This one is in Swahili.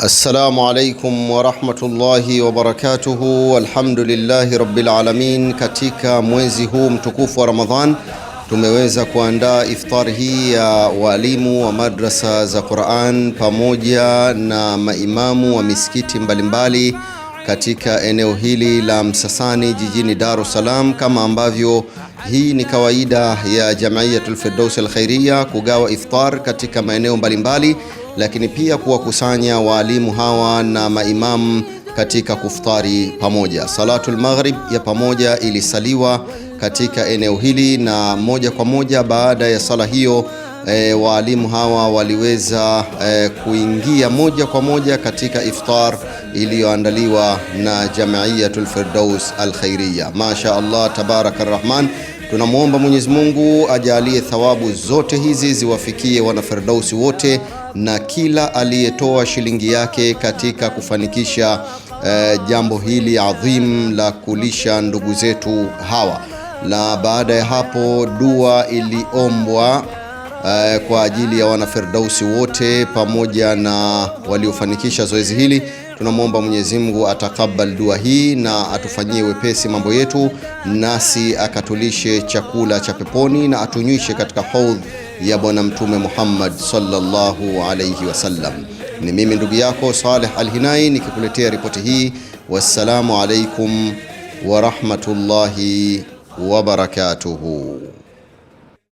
Assalamu alaikum warahmatullahi wabarakatuhu. Alhamdulillahi rabbil alamin. Katika mwezi huu mtukufu wa Ramadhan tumeweza kuandaa iftari hii ya walimu wa madrasa za Qur'an pamoja na maimamu wa misikiti mbalimbali mbali katika eneo hili la Msasani jijini Dar es Salaam, kama ambavyo hii ni kawaida ya Jamiatul Firdaus Alkhairia kugawa iftar katika maeneo mbalimbali, lakini pia kuwakusanya waalimu hawa na maimamu katika kuftari pamoja. Salatul Maghrib ya pamoja ilisaliwa katika eneo hili na moja kwa moja baada ya sala hiyo e, waalimu hawa waliweza e, kuingia moja kwa moja katika iftar iliyoandaliwa na Jamiyatul Firdaus Al Masha Allah, tabaraka Rahman. Tunamwomba Mwenyezi Mungu ajalie thawabu zote hizi ziwafikie Firdausi wote na kila aliyetoa shilingi yake katika kufanikisha eh, jambo hili adhim la kulisha ndugu zetu hawa. Na baada ya hapo dua iliombwa uh, kwa ajili ya wanaferdausi wote pamoja na waliofanikisha zoezi hili. Tunamwomba Mwenyezi Mungu atakabali dua hii na atufanyie wepesi mambo yetu, nasi akatulishe chakula cha peponi na atunywishe katika haudh ya Bwana Mtume Muhammad sallallahu alayhi wasallam. Ni mimi ndugu yako Saleh Alhinai nikikuletea ripoti hii. Wassalamu alaikum wa rahmatullahi wa barakatuhu.